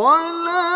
ولا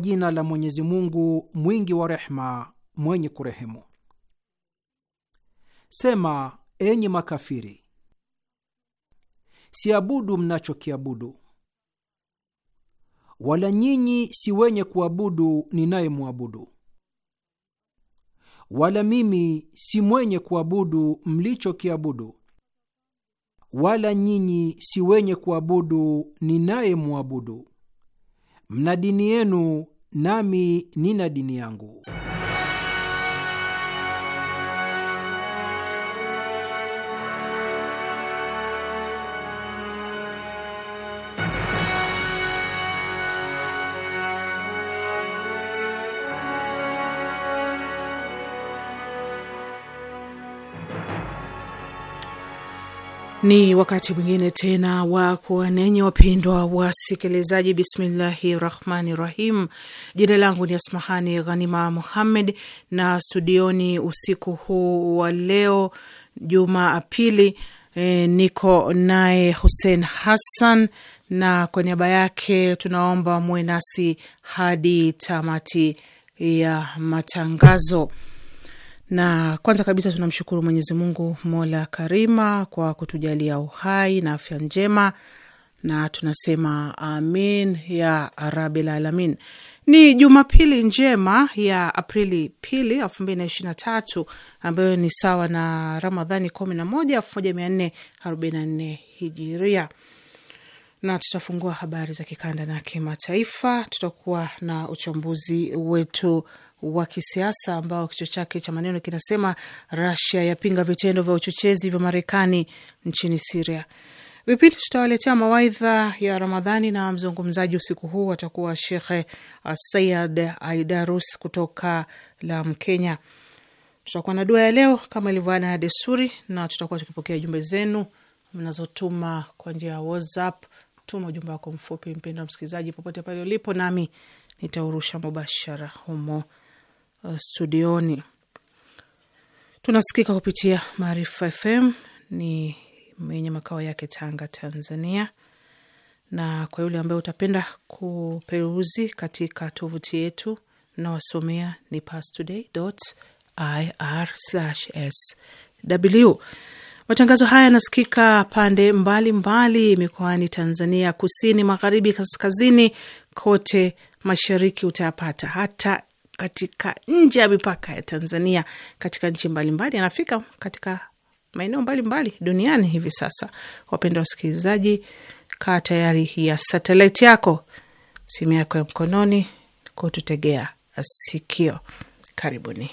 jina la Mwenyezi Mungu mwingi wa rehma mwenye kurehemu. Sema, enyi makafiri, siabudu mnachokiabudu, wala nyinyi si wenye kuabudu ninayemwabudu, wala mimi si mwenye kuabudu mlichokiabudu, wala nyinyi si wenye kuabudu ninayemwabudu. Mna dini yenu nami nina dini yangu. Ni wakati mwingine tena wa kuwanenye wapendwa wasikilizaji. Bismillahi rahmani rahim. Jina langu ni Asmahani Ghanima Muhammed, na studioni usiku huu wa leo Apili e, niko naye Hussein Hassan, na kwa niaba yake tunaomba muwe nasi hadi tamati ya matangazo na kwanza kabisa tunamshukuru Mwenyezi Mungu mola karima kwa kutujalia uhai na afya njema, na tunasema amin ya rabil alamin. Ni Jumapili njema ya Aprili pili elfu mbili na ishirini na tatu ambayo ni sawa na Ramadhani kumi na moja elfu moja mia nne arobaini na nne hijiria na tutafungua habari za kikanda na kimataifa. Tutakuwa na uchambuzi wetu wa kisiasa ambao kichwa chake cha maneno kinasema Rasia yapinga vitendo vya uchochezi vya Marekani nchini Siria. Vipindi tutawaletea mawaidha ya Ramadhani na mzungumzaji usiku huu atakuwa Shekhe Sayad Aidarus kutoka Lamu, Kenya. Tutakuwa na dua ya leo kama ilivyo ada ya desturi, na tutakuwa tukipokea jumbe zenu mnazotuma kwa njia ya WhatsApp. Tuma ujumbe wako mfupi, mpendwa msikilizaji, popote pale ulipo, nami nitaurusha mubashara humo Uh, studioni. Tunasikika kupitia Maarifa FM ni mwenye makao yake Tanga, Tanzania, na kwa yule ambaye utapenda kuperuzi katika tovuti yetu nawasomea ni pastoday.ir/sw. Matangazo haya yanasikika pande mbalimbali mikoani Tanzania, kusini, magharibi, kaskazini, kote mashariki utayapata. Hata katika nje ya mipaka ya Tanzania katika nchi mbalimbali, anafika katika maeneo mbalimbali duniani hivi sasa. Wapenda wasikilizaji, kaa tayari ya satelaiti yako, simu yako ya mkononi kututegea sikio. Karibuni.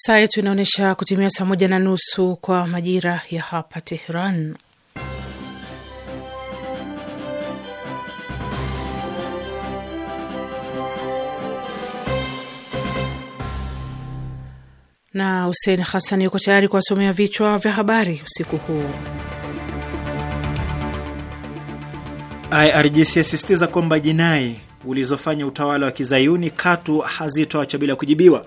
Saa yetu inaonyesha kutimia saa moja na nusu kwa majira ya hapa Tehran. Na Husein Hasani yuko tayari kuwasomea vichwa vya habari usiku huu. IRGC asisitiza kwamba jinai ulizofanya utawala wa kizayuni katu hazitoacha bila kujibiwa.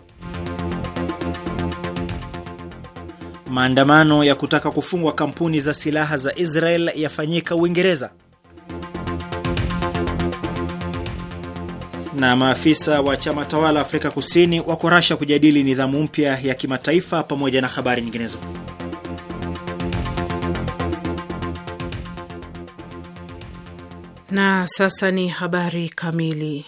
Maandamano ya kutaka kufungwa kampuni za silaha za Israel yafanyika Uingereza. Na maafisa wa chama tawala Afrika Kusini wako Rasha kujadili nidhamu mpya ya kimataifa, pamoja na habari nyinginezo. Na sasa ni habari kamili.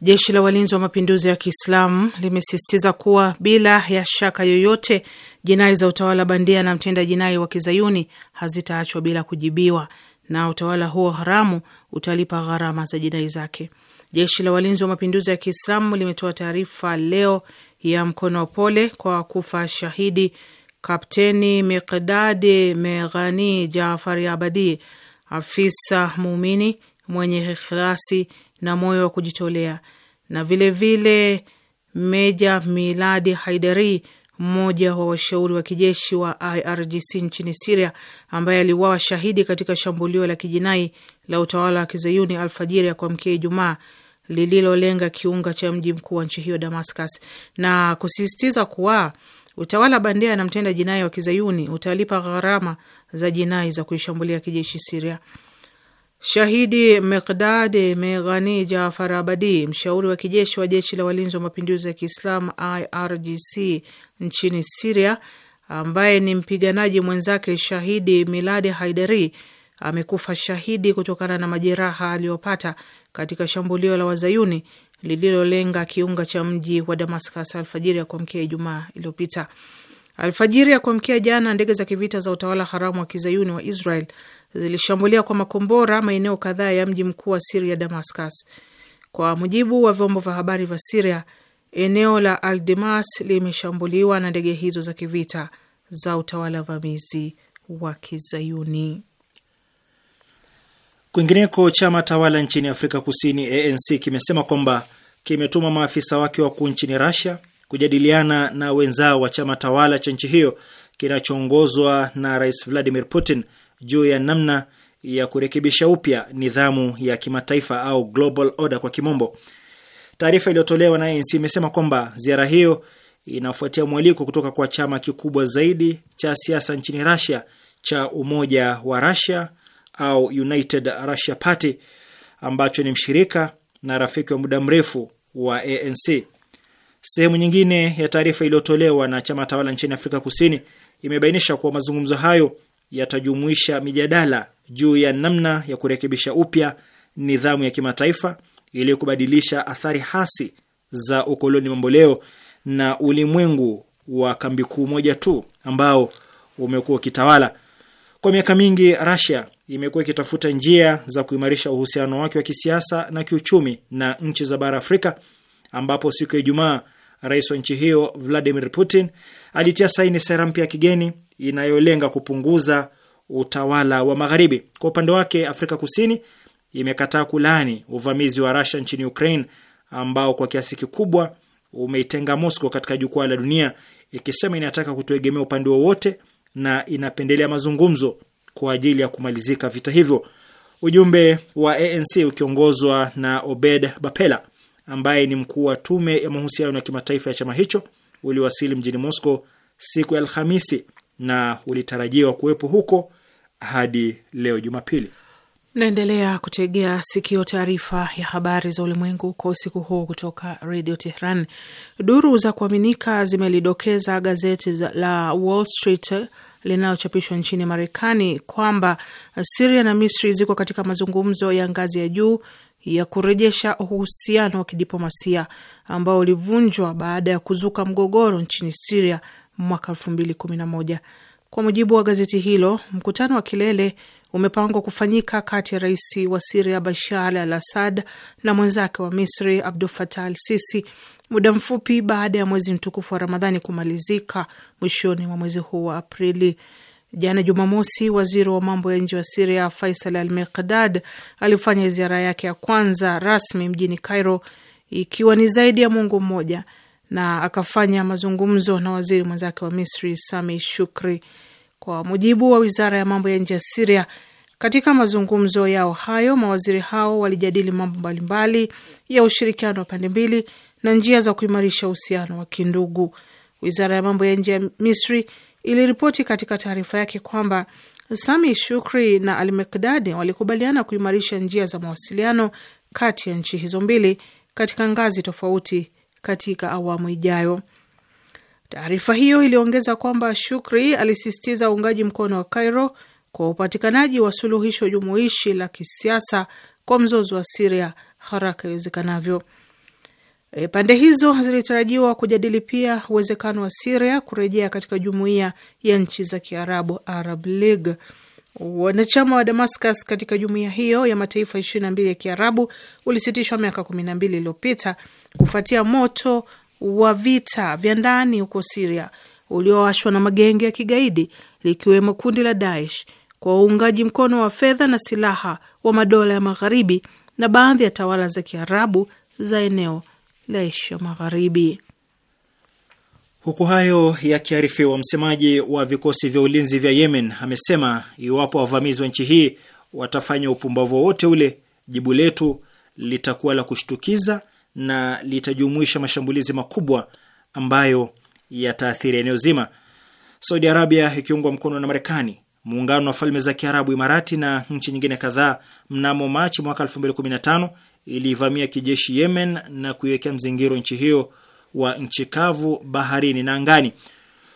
Jeshi la walinzi wa mapinduzi ya Kiislamu limesisitiza kuwa bila ya shaka yoyote Jinai za utawala bandia na mtenda jinai wa kizayuni hazitaachwa bila kujibiwa, na utawala huo haramu utalipa gharama za jinai zake. Jeshi la walinzi wa mapinduzi ya Kiislamu limetoa taarifa leo ya mkono wa pole kwa kufa shahidi Kapteni Miqdadi Meghani Jafari Abadi, afisa muumini mwenye ikhlasi na moyo wa kujitolea, na vilevile vile Meja Miladi Haideri, mmoja wa washauri wa kijeshi wa IRGC nchini Siria ambaye aliuawa shahidi katika shambulio la kijinai la utawala wa kizayuni alfajiri ya kuamkia Ijumaa lililolenga kiunga cha mji mkuu wa nchi hiyo Damascus, na kusisitiza kuwa utawala bandia na mtenda jinai wa kizayuni utalipa gharama za jinai za kuishambulia kijeshi Siria. Shahidi Mekdad Meghani Jafar Abadi, mshauri wa kijeshi wa jeshi la walinzi wa mapinduzi ya Kiislamu IRGC nchini Siria, ambaye ni mpiganaji mwenzake shahidi Miladi Haideri, amekufa shahidi kutokana na majeraha aliyopata katika shambulio la wazayuni lililolenga kiunga cha mji wa Damascus alfajiri ya kuamkia Ijumaa iliyopita. Alfajiri ya kuamkia jana, ndege za kivita za utawala haramu wa kizayuni wa Israel zilishambulia kwa makombora maeneo kadhaa ya mji mkuu wa Siria, Damascus. Kwa mujibu wa vyombo vya habari vya Siria, eneo la Aldemas limeshambuliwa na ndege hizo za kivita za utawala vamizi wa Kizayuni. Kwingineko, chama tawala nchini Afrika Kusini ANC kimesema kwamba kimetuma maafisa wake wakuu nchini rasia kujadiliana na wenzao wa chama tawala cha nchi hiyo kinachoongozwa na Rais Vladimir Putin juu ya namna ya kurekebisha upya nidhamu ya kimataifa au global order kwa kimombo. Taarifa iliyotolewa na ANC imesema kwamba ziara hiyo inafuatia mwaliko kutoka kwa chama kikubwa zaidi cha siasa nchini Russia cha Umoja wa Russia au United Russia Party ambacho ni mshirika na rafiki wa muda mrefu wa ANC. Sehemu nyingine ya taarifa iliyotolewa na chama tawala nchini Afrika Kusini imebainisha kuwa mazungumzo hayo yatajumuisha mijadala juu ya namna ya kurekebisha upya nidhamu ya kimataifa ili kubadilisha athari hasi za ukoloni mamboleo na ulimwengu wa kambi kuu moja tu ambao umekuwa ukitawala kwa miaka mingi. Russia imekuwa ikitafuta njia za kuimarisha uhusiano wake wa kisiasa na kiuchumi na nchi za bara Afrika, ambapo siku ya Ijumaa rais wa nchi hiyo Vladimir Putin alitia saini sera mpya ya kigeni inayolenga kupunguza utawala wa Magharibi. Kwa upande wake, Afrika Kusini imekataa kulaani uvamizi wa Russia nchini Ukraine ambao kwa kiasi kikubwa umeitenga Moscow katika jukwaa la dunia, ikisema inataka kutoegemea upande wowote na inapendelea mazungumzo kwa ajili ya kumalizika vita hivyo. Ujumbe wa ANC ukiongozwa na Obed Bapela ambaye ni mkuu wa tume ya mahusiano ya kimataifa ya chama hicho uliwasili mjini Moscow siku ya Alhamisi na ulitarajiwa kuwepo huko hadi leo Jumapili. Naendelea kutegea sikio taarifa ya habari za ulimwengu kwa usiku huu kutoka redio Tehran. Duru za kuaminika zimelidokeza gazeti la Wall Street linalochapishwa nchini Marekani kwamba Siria na Misri ziko katika mazungumzo ya ngazi ya juu ya kurejesha uhusiano wa kidiplomasia ambao ulivunjwa baada ya kuzuka mgogoro nchini Siria mwaka elfu mbili kumi na moja. Kwa mujibu wa gazeti hilo, mkutano wa kilele umepangwa kufanyika kati ya rais wa Siria Bashar al Assad na mwenzake wa Misri Abdul Fatah al Sisi muda mfupi baada ya mwezi mtukufu wa Ramadhani kumalizika mwishoni mwa mwezi huu wa Aprili. Jana Jumamosi, waziri wa mambo ya nje wa Siria Faisal al Miqdad alifanya ziara yake ya kwanza rasmi mjini Cairo, ikiwa ni zaidi ya mwongo mmoja na akafanya mazungumzo na waziri mwenzake wa Misri Sami Shukri. Kwa mujibu wa wizara ya mambo ya nje ya Siria, katika mazungumzo yao hayo mawaziri hao walijadili mambo mbalimbali ya ushirikiano wa pande mbili na njia za kuimarisha uhusiano wa kindugu. Wizara ya mambo ya nje ya Misri iliripoti katika taarifa yake kwamba Sami Shukri na Al Mekdadi walikubaliana kuimarisha njia za mawasiliano kati ya nchi hizo mbili katika ngazi tofauti katika awamu ijayo. Taarifa hiyo iliongeza kwamba Shukri alisisitiza uungaji mkono wa Cairo kwa upatikanaji wa suluhisho jumuishi la kisiasa kwa mzozo wa Siria haraka iwezekanavyo. E, pande hizo zilitarajiwa kujadili pia uwezekano wa Siria kurejea katika jumuiya ya nchi za Kiarabu, Arab League. Wanachama wa Damascus katika jumuiya hiyo ya mataifa ishirini na mbili ya Kiarabu ulisitishwa miaka kumi na mbili iliyopita kufuatia moto wa vita vya ndani huko Siria uliowashwa na magenge ya kigaidi likiwemo kundi la Daesh kwa uungaji mkono wa fedha na silaha wa madola ya Magharibi na baadhi ya tawala za Kiarabu za eneo la Asia Magharibi. Huku hayo yakiarifiwa, msemaji wa vikosi vya ulinzi vya Yemen amesema iwapo wavamizi wa nchi hii watafanya upumbavu wowote ule, jibu letu litakuwa la kushtukiza na litajumuisha mashambulizi makubwa ambayo yataathiri eneo zima. Saudi Arabia ikiungwa mkono na Marekani, muungano wa falme za Kiarabu, Imarati na nchi nyingine kadhaa, mnamo Machi mwaka 2015 ilivamia kijeshi Yemen na kuiwekea mzingiro nchi hiyo wa nchi kavu, baharini na angani.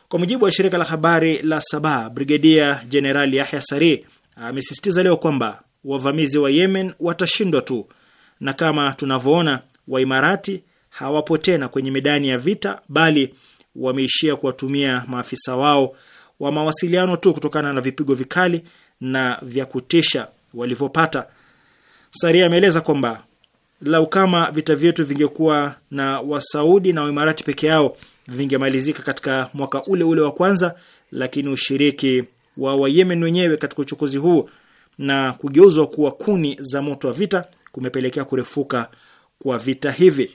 Kwa mujibu wa shirika la habari la Sabaa, Brigedia Jenerali Yahya Sari amesisitiza leo kwamba wavamizi wa Yemen watashindwa tu, na kama tunavyoona Waimarati hawapo tena kwenye medani ya vita, bali wameishia kuwatumia maafisa wao wa mawasiliano tu kutokana na vipigo vikali na vya kutisha walivyopata. Sari ameeleza kwamba lau kama vita vyetu vingekuwa na Wasaudi na Waimarati peke yao vingemalizika katika mwaka ule ule wa kwanza, lakini ushiriki wa Wayemen wenyewe katika uchokozi huu na kugeuzwa kuwa kuni za moto wa vita kumepelekea kurefuka kwa vita hivi.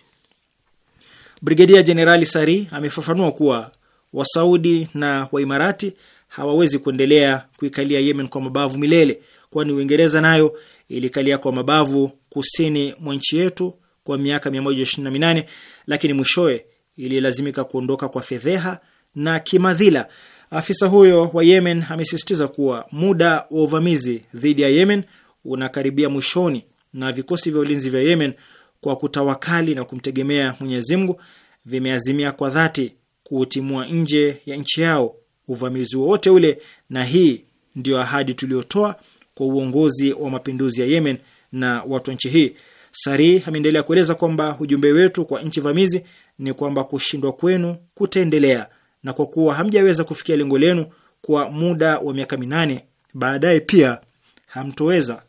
Brigedia Jenerali Sari amefafanua kuwa Wasaudi na Waimarati hawawezi kuendelea kuikalia Yemen kwa mabavu milele, kwani Uingereza nayo ilikalia kwa mabavu kusini mwa nchi yetu kwa miaka 128 lakini mwishowe ililazimika kuondoka kwa fedheha na kimadhila. Afisa huyo wa Yemen amesisitiza kuwa muda wa uvamizi dhidi ya Yemen unakaribia mwishoni na vikosi vya ulinzi vya Yemen kwa kutawakali na kumtegemea Mwenyezi Mungu vimeazimia kwa dhati kuutimua nje ya nchi yao uvamizi wowote ule, na hii ndio ahadi tuliotoa kwa uongozi wa mapinduzi ya Yemen na watu wa nchi hii. sari ameendelea kueleza kwamba ujumbe wetu kwa nchi vamizi ni kwamba kushindwa kwenu kutaendelea, na kwa kuwa hamjaweza kufikia lengo lenu kwa muda wa miaka minane, baadaye pia hamtoweza.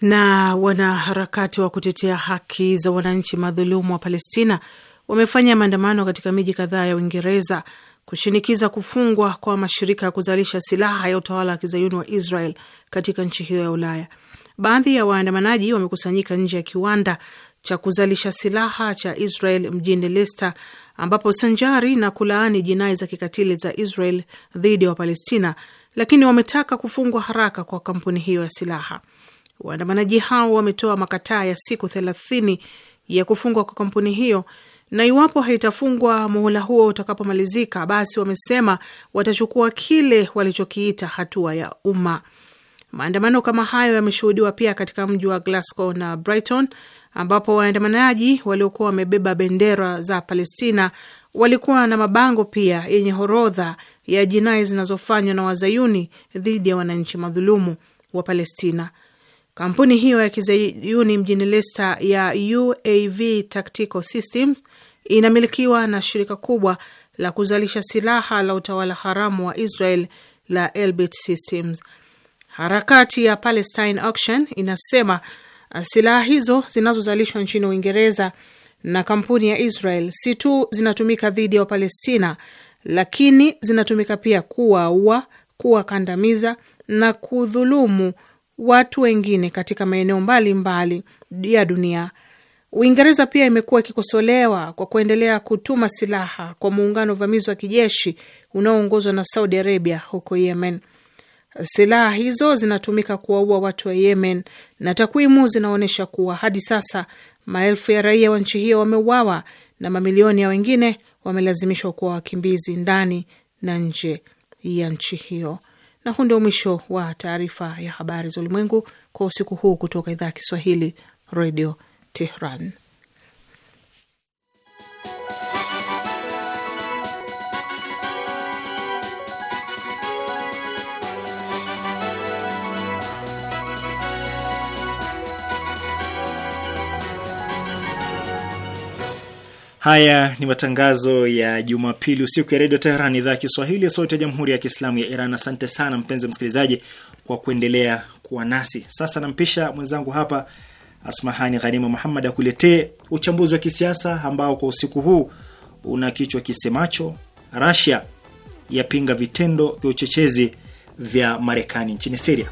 Na wanaharakati wa kutetea haki za wananchi madhulumu wa Palestina wamefanya maandamano katika miji kadhaa ya Uingereza kushinikiza kufungwa kwa mashirika ya kuzalisha silaha ya utawala wa kizayuni wa Israel katika nchi hiyo ya Ulaya baadhi ya waandamanaji wamekusanyika nje ya kiwanda cha kuzalisha silaha cha Israel mjini Leicester, ambapo sanjari na kulaani jinai za kikatili za Israel dhidi ya Wapalestina, lakini wametaka kufungwa haraka kwa kampuni hiyo ya silaha. Waandamanaji hao wametoa makataa ya siku thelathini ya kufungwa kwa kampuni hiyo, na iwapo haitafungwa muhula huo utakapomalizika, basi wamesema watachukua kile walichokiita hatua ya umma. Maandamano kama hayo yameshuhudiwa pia katika mji wa Glasgow na Brighton, ambapo waandamanaji waliokuwa wamebeba bendera za Palestina walikuwa na mabango pia yenye horodha ya jinai zinazofanywa na wazayuni dhidi ya wananchi madhulumu wa Palestina. Kampuni hiyo ya kizayuni mjini Leicester ya UAV Tactical Systems inamilikiwa na shirika kubwa la kuzalisha silaha la utawala haramu wa Israel la Elbit Systems Harakati ya Palestine Auction inasema uh, silaha hizo zinazozalishwa nchini Uingereza na kampuni ya Israel si tu zinatumika dhidi ya Wapalestina, lakini zinatumika pia kuwaua, kuwakandamiza na kudhulumu watu wengine katika maeneo mbalimbali ya dunia. Uingereza pia imekuwa ikikosolewa kwa kuendelea kutuma silaha kwa muungano uvamizi wa kijeshi unaoongozwa na Saudi Arabia huko Yemen. Silaha hizo zinatumika kuwaua watu wa Yemen na takwimu zinaonyesha kuwa hadi sasa maelfu ya raia wa nchi hiyo wameuawa na mamilioni ya wengine wamelazimishwa kuwa wakimbizi ndani na nje ya nchi hiyo. Na huu ndio mwisho wa taarifa ya habari za ulimwengu kwa usiku huu kutoka idhaa ya Kiswahili, Redio Tehran. Haya ni matangazo ya Jumapili usiku ya redio Teheran, idhaa ya Kiswahili, sauti ya jamhuri ya kiislamu ya Iran. Asante sana mpenzi msikilizaji kwa kuendelea kuwa nasi. Sasa nampisha mwenzangu hapa Asmahani Ghanima Muhammad akuletee uchambuzi wa kisiasa ambao kwa usiku huu una kichwa kisemacho Rasia yapinga vitendo vya uchochezi vya Marekani nchini Siria.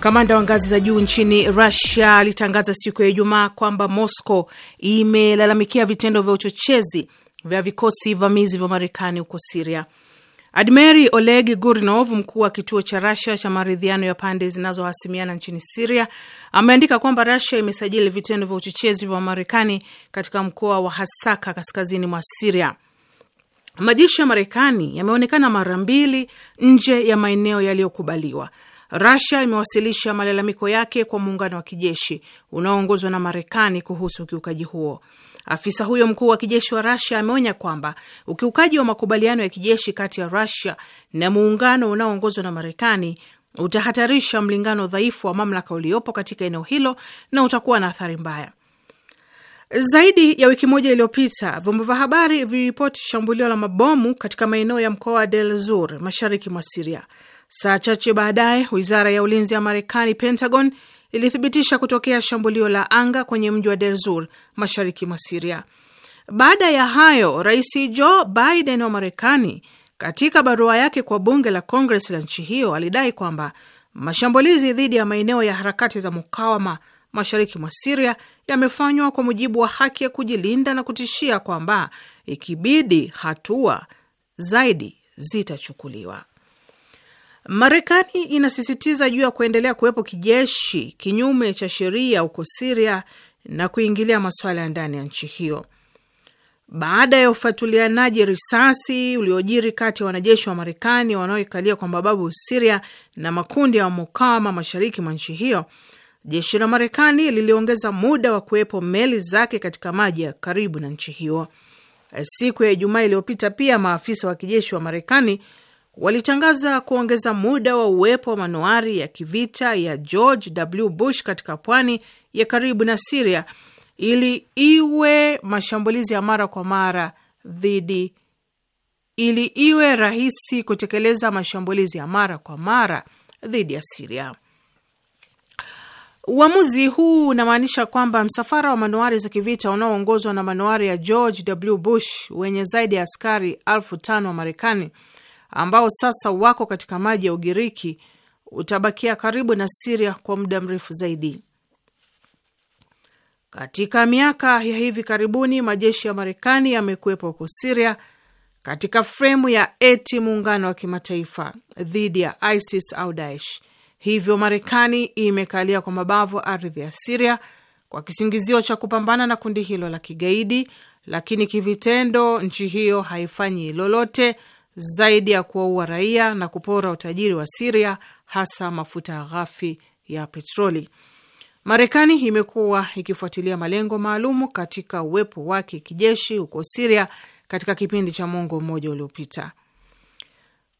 Kamanda wa ngazi za juu nchini rusia alitangaza siku ya Ijumaa kwamba Moscow imelalamikia vitendo vya uchochezi vya vikosi vamizi vya Marekani huko Siria. Admeri Oleg Gurnov, mkuu wa kituo cha Rasia cha maridhiano ya pande zinazohasimiana nchini Siria, ameandika kwamba Rasia imesajili vitendo vya uchochezi vya Marekani katika mkoa wa Hasaka, kaskazini mwa Siria. Majeshi ya Marekani yameonekana mara mbili nje ya maeneo yaliyokubaliwa Rasia imewasilisha malalamiko yake kwa muungano wa kijeshi unaoongozwa na Marekani kuhusu ukiukaji huo. Afisa huyo mkuu wa kijeshi wa Rasia ameonya kwamba ukiukaji wa makubaliano ya kijeshi kati ya Rasia na muungano unaoongozwa na Marekani utahatarisha mlingano dhaifu wa mamlaka uliopo katika eneo hilo na utakuwa na athari mbaya. Zaidi ya wiki moja iliyopita, vyombo vya habari viliripoti shambulio la mabomu katika maeneo ya mkoa wa Del Zur mashariki mwa Siria. Saa chache baadaye, wizara ya ulinzi ya Marekani, Pentagon, ilithibitisha kutokea shambulio la anga kwenye mji wa Derzur, mashariki mwa Siria. Baada ya hayo, Rais Joe Biden wa Marekani katika barua yake kwa bunge la Congress la nchi hiyo alidai kwamba mashambulizi dhidi ya maeneo ya harakati za mukawama mashariki mwa Siria yamefanywa kwa mujibu wa haki ya kujilinda na kutishia kwamba ikibidi hatua zaidi zitachukuliwa. Marekani inasisitiza juu ya kuendelea kuwepo kijeshi kinyume cha sheria huko Siria na kuingilia masuala ya ndani ya nchi hiyo baada ya ufatulianaji risasi uliojiri kati ya wanajeshi wa Marekani wanaoikalia kwa mababu Siria na makundi ya mukawama mashariki mwa nchi hiyo. Jeshi la Marekani liliongeza muda wa kuwepo meli zake katika maji ya karibu na nchi hiyo. Siku ya Ijumaa iliyopita, pia maafisa wa kijeshi wa Marekani walitangaza kuongeza muda wa uwepo wa manuari ya kivita ya George W. Bush katika pwani ya karibu na Siria ili iwe mashambulizi ya mara kwa mara dhidi ili iwe rahisi kutekeleza mashambulizi ya mara kwa mara dhidi ya Siria. Uamuzi huu unamaanisha kwamba msafara wa manuari za kivita unaoongozwa na manuari ya George W. Bush wenye zaidi ya askari elfu tano wa Marekani ambao sasa wako katika maji ya Ugiriki utabakia karibu na Siria kwa muda mrefu zaidi. Katika miaka ya hivi karibuni, majeshi ya Marekani yamekuwepo huko Siria katika fremu ya eti muungano wa kimataifa dhidi ya ISIS au Daesh. Hivyo Marekani imekalia kwa mabavu ardhi ya Siria kwa kisingizio cha kupambana na kundi hilo la kigaidi, lakini kivitendo nchi hiyo haifanyi lolote zaidi ya kuwaua raia na kupora utajiri wa Siria, hasa mafuta ghafi ya petroli. Marekani imekuwa ikifuatilia malengo maalumu katika uwepo wake kijeshi huko Siria katika kipindi cha mwongo mmoja uliopita.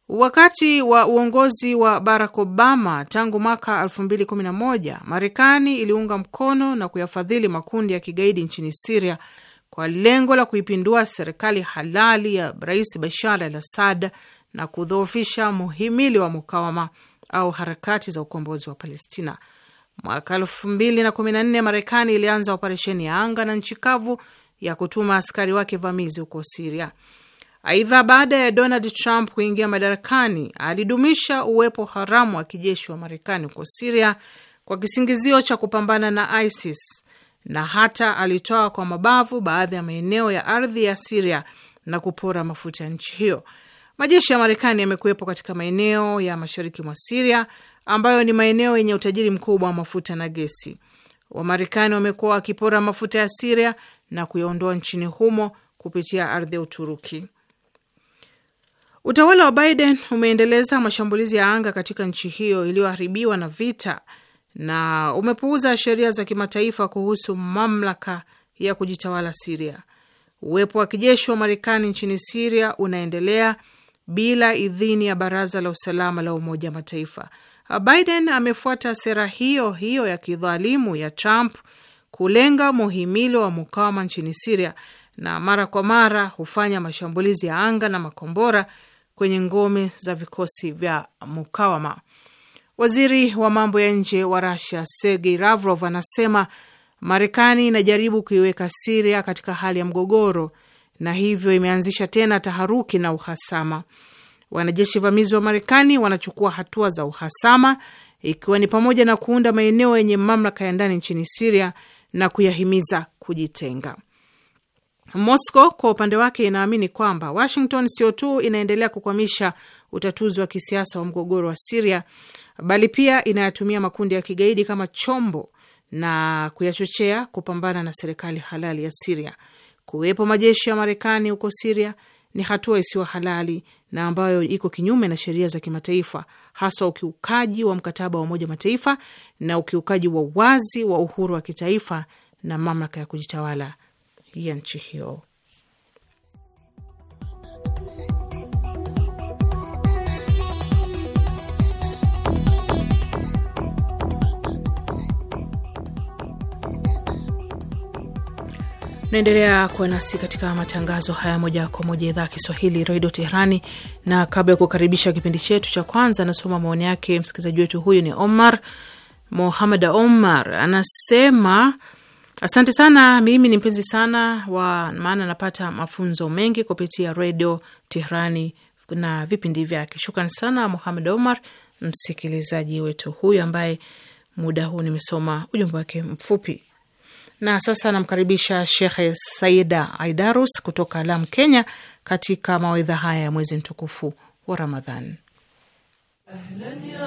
Wakati wa uongozi wa Barack Obama tangu mwaka 2011, Marekani iliunga mkono na kuyafadhili makundi ya kigaidi nchini Siria kwa lengo la kuipindua serikali halali ya Rais Bashar al Assad na kudhoofisha muhimili wa mukawama au harakati za ukombozi wa Palestina. Mwaka elfu mbili na kumi na nne Marekani ilianza operesheni ya anga na nchi kavu ya kutuma askari wake vamizi huko Siria. Aidha, baada ya Donald Trump kuingia madarakani, alidumisha uwepo haramu wa kijeshi wa Marekani huko Siria kwa kisingizio cha kupambana na ISIS na hata alitoa kwa mabavu baadhi ya maeneo ya ardhi ya Siria na kupora mafuta ya nchi hiyo. Majeshi ya Marekani yamekuwepo katika maeneo ya mashariki mwa Siria ambayo ni maeneo yenye utajiri mkubwa wa mafuta na gesi. Wamarekani wamekuwa wakipora mafuta ya Siria na kuyaondoa nchini humo kupitia ardhi ya Uturuki. Utawala wa Biden umeendeleza mashambulizi ya anga katika nchi hiyo iliyoharibiwa na vita na umepuuza sheria za kimataifa kuhusu mamlaka ya kujitawala Siria. Uwepo wa kijeshi wa Marekani nchini Siria unaendelea bila idhini ya Baraza la Usalama la Umoja Mataifa. Biden amefuata sera hiyo hiyo ya kidhalimu ya Trump kulenga muhimili wa mukawama nchini Siria, na mara kwa mara hufanya mashambulizi ya anga na makombora kwenye ngome za vikosi vya mukawama. Waziri wa mambo ya nje wa Rasia Sergei Lavrov anasema Marekani inajaribu kuiweka Siria katika hali ya mgogoro na hivyo imeanzisha tena taharuki na uhasama. Wanajeshi vamizi wa Marekani wanachukua hatua za uhasama, ikiwa ni pamoja na kuunda maeneo yenye mamlaka ya ndani nchini Siria na kuyahimiza kujitenga. Moscow kwa upande wake inaamini kwamba Washington sio tu inaendelea kukwamisha utatuzi wa kisiasa wa mgogoro wa Siria, bali pia inayatumia makundi ya kigaidi kama chombo na kuyachochea kupambana na serikali halali ya Siria. Kuwepo majeshi ya Marekani huko Siria ni hatua isiyo halali na ambayo iko kinyume na sheria za kimataifa, haswa ukiukaji wa mkataba wa Umoja wa Mataifa na ukiukaji wa wazi wa uhuru wa kitaifa na mamlaka ya kujitawala ya nchi hiyo. Naendelea kuwa nasi katika matangazo haya moja kwa moja idhaa ya Kiswahili redio Teherani. Na kabla ya kukaribisha kipindi chetu cha kwanza, anasoma maoni yake msikilizaji wetu huyu ni Omar Mohamed Omar, anasema asante sana, mimi ni mpenzi sana wa maana, napata mafunzo mengi kupitia redio Teherani na vipindi vyake. Shukran sana Mohamed Omar, msikilizaji wetu huyu ambaye muda huu nimesoma ujumbe wake mfupi. Na sasa namkaribisha Shekhe Saida Aidarus kutoka lamu Kenya, katika mawaidha haya ya mwezi mtukufu wa Ramadhan. Ahlan ya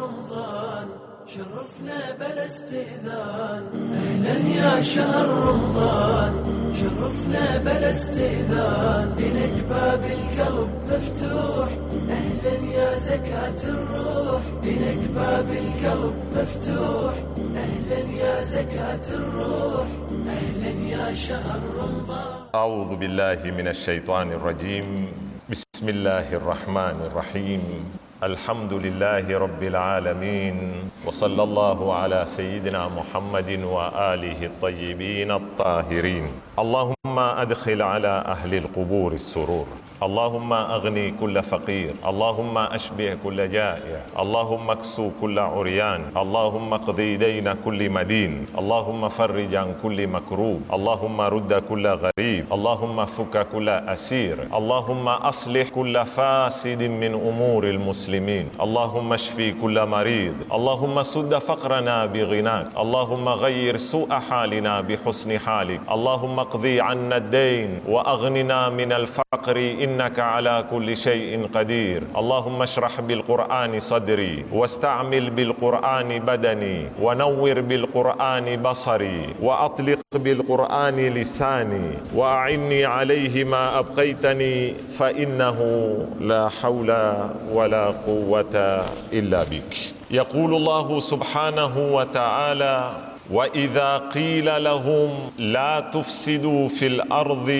Ramadhan شرفنا بلا استئذان اهلا يا شهر رمضان شرفنا بلا استئذان الك باب القلب مفتوح اهلا يا زكاة الروح الك باب القلب مفتوح اهلا يا زكاة الروح اهلا يا شهر رمضان اعوذ بالله من الشيطان الرجيم بسم الله الرحمن الرحيم الحمد لله رب العالمين وصلى الله على سيدنا محمد وآله الطيبين الطاهرين اللهم أدخل على أهل القبور السرور اللهم أغني كل فقير اللهم اشبع كل جائع اللهم اكسو كل عريان اللهم اقضي دين كل مدين اللهم فرج عن كل مكروب اللهم رد كل غريب اللهم فك كل أسير اللهم أصلح كل فاسد من أمور المسلمين اللهم اشفي كل مريض اللهم سد فقرنا بغناك اللهم غير سوء حالنا بحسن حالك اللهم واقضي عنا الدين واغننا من الفقر انك على كل شيء قدير اللهم اشرح بالقران صدري واستعمل بالقران بدني ونور بالقران بصري واطلق بالقران لساني واعني عليه ما ابقيتني فانه لا حول ولا قوه الا بك يقول الله سبحانه وتعالى واذا قيل لهم لا تفسدوا في الارض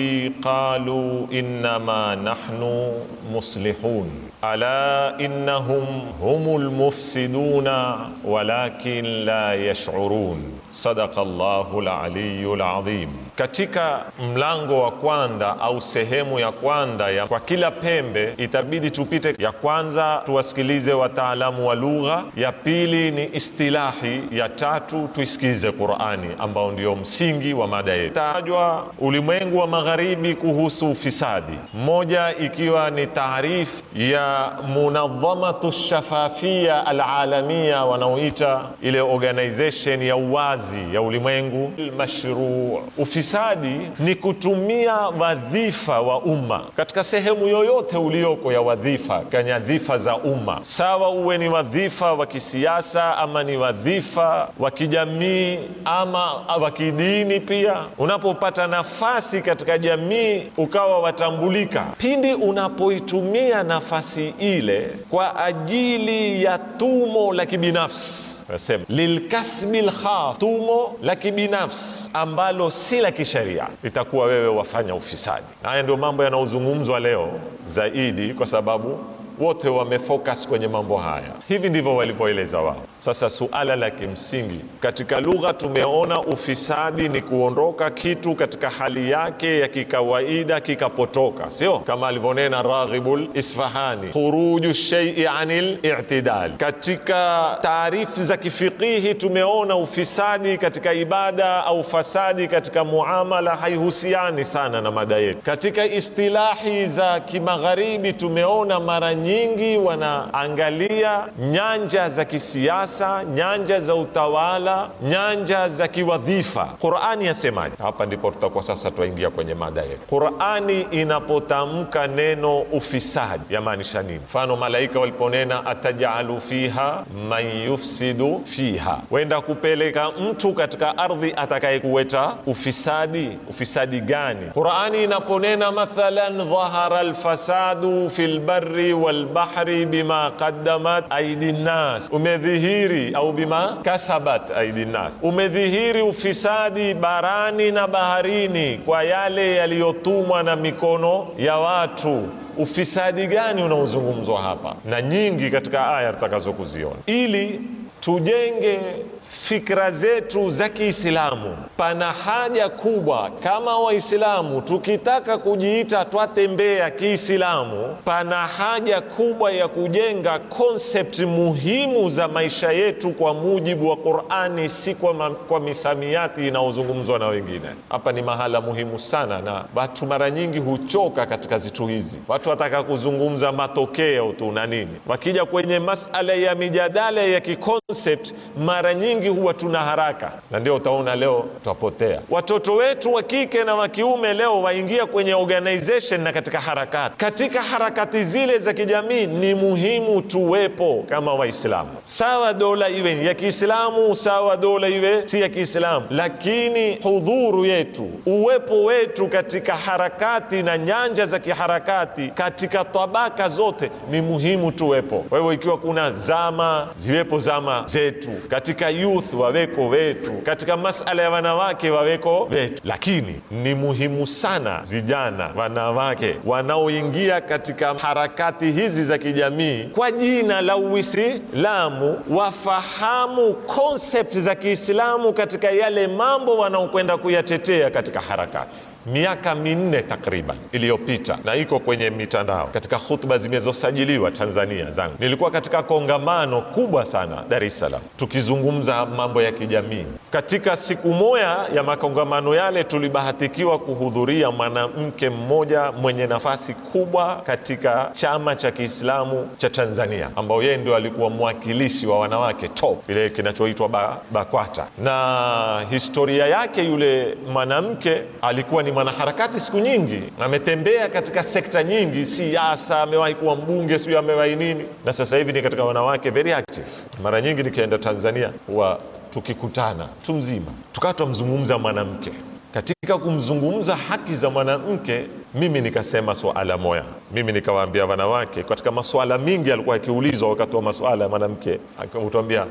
قالوا انما نحن مصلحون ala innahum humul mufsiduna walakin la yashurun. Sadaqa al-aliyyul azim. Katika mlango wa kwanza au sehemu ya kwanza ya kwa kila pembe itabidi tupite. Ya kwanza tuwasikilize wataalamu wa lugha, ya pili ni istilahi, ya tatu tuisikize Qur'ani, ambao ndio msingi wa mada yetu. Tajwa ulimwengu wa magharibi kuhusu ufisadi, moja ikiwa ni taarifu ya munadhamatu shafafia alalamia, wanaoita ile organization ya uwazi ya ulimwengu almashruu. Ufisadi ni kutumia wadhifa wa umma katika sehemu yoyote ulioko ya wadhifa, kanyadhifa za umma, sawa uwe ni wadhifa wa kisiasa ama ni wadhifa wa kijamii ama wa kidini. Pia unapopata nafasi katika jamii ukawa watambulika, pindi unapoitumia nafasi nafsi ile kwa ajili ya tumo la kibinafsi nasema lilkasbi lkhas, tumo la kibinafsi ambalo si la kisheria, itakuwa wewe wafanya ufisadi. Haya ndio mambo yanayozungumzwa leo zaidi, kwa sababu wote wamefocus kwenye mambo haya. Hivi ndivyo walivyoeleza wao. Sasa suala la kimsingi katika lugha, tumeona ufisadi ni kuondoka kitu katika hali yake ya kikawaida kikapotoka, sio kama alivyonena Raghibul Isfahani, khuruju shei anil i'tidal. Katika taarifu za kifikihi tumeona ufisadi katika ibada au fasadi katika muamala haihusiani sana na mada yetu. Katika istilahi za kimagharibi tumeona mara nyingi wanaangalia nyanja za kisiasa, nyanja za utawala, nyanja za kiwadhifa. Qurani yasemaje? Hapa ndipo tutakuwa sasa twaingia kwenye mada yetu. Qurani inapotamka neno ufisadi yamaanisha nini? Mfano, malaika waliponena atajalu fiha man yufsidu fiha, wenda kupeleka mtu katika ardhi atakayekuweta ufisadi. Ufisadi gani? Qurani inaponena mathalan dhahara lfasadu fi lbari wal walbahri bima qaddamat aidi nnas, umedhihiri au bima kasabat aidi nnas, umedhihiri ufisadi barani na baharini kwa yale yaliyotumwa na mikono ya watu. Ufisadi gani unaozungumzwa hapa na nyingi katika aya tutakazokuziona, ili tujenge fikra zetu za Kiislamu, pana haja kubwa kama Waislamu tukitaka kujiita twatembea Kiislamu, pana haja kubwa ya kujenga konsepti muhimu za maisha yetu kwa mujibu wa Qur'ani, si kwa, ma, kwa misamiati inayozungumzwa na wengine. Hapa ni mahala muhimu sana, na watu mara nyingi huchoka katika zitu hizi. Watu wataka kuzungumza matokeo tu na nini, wakija kwenye masala ya mijadala ya kikonsept mara nyingi wengi huwa tuna haraka, na ndio utaona leo twapotea. Watoto wetu wa kike na wa kiume leo waingia kwenye organization na katika harakati, katika harakati zile za kijamii. Ni muhimu tuwepo kama Waislamu, sawa dola iwe ya Kiislamu, sawa dola iwe si ya Kiislamu, lakini hudhuru yetu, uwepo wetu katika harakati na nyanja za kiharakati, katika tabaka zote ni muhimu tuwepo. Kwa hivyo, ikiwa kuna zama ziwepo zama zetu katika yu youth waweko wetu, katika masala ya wanawake waweko wetu, lakini ni muhimu sana vijana wanawake wanaoingia katika harakati hizi za kijamii kwa jina la Uislamu wafahamu konsepti za Kiislamu katika yale mambo wanaokwenda kuyatetea katika harakati miaka minne takriban iliyopita, na iko kwenye mitandao katika hutuba zimezosajiliwa Tanzania zangu. Nilikuwa katika kongamano kubwa sana Dar es Salaam, tukizungumza mambo ya kijamii. Katika siku moja ya makongamano yale, tulibahatikiwa kuhudhuria mwanamke mmoja mwenye nafasi kubwa katika chama cha Kiislamu cha Tanzania, ambao yeye ndio alikuwa mwakilishi wa wanawake top, kile kinachoitwa BAKWATA, na historia yake, yule mwanamke alikuwa ni mwanaharakati siku nyingi, ametembea katika sekta nyingi, siasa, amewahi kuwa mbunge, sijui amewahi nini, na sasa hivi ni katika wanawake very active. Mara nyingi nikienda Tanzania huwa tukikutana mtu mzima tukawa twamzungumza mwanamke katika kumzungumza haki za mwanamke, mimi nikasema swala moya. Mimi nikawaambia wanawake, katika maswala mingi alikuwa akiulizwa wakati wa maswala ya mwanamke, akatuambia